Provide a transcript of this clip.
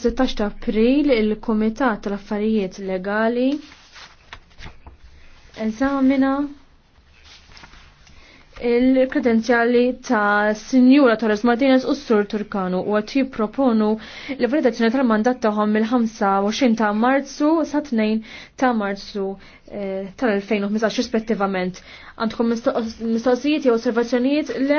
16 ta' april il-Komitat tal-Affarijiet Legali eżamina il-kredenzjali ta' Sinjura Torres Martinez u Sur Turkanu u għati proponu l-validazzjoni tal-mandat tagħhom mill-25 ta' Marzu sa' 2 ta' Marzu eh, tal-2015 rispettivament. Għandkom mistoqsijiet jew osservazzjonijiet le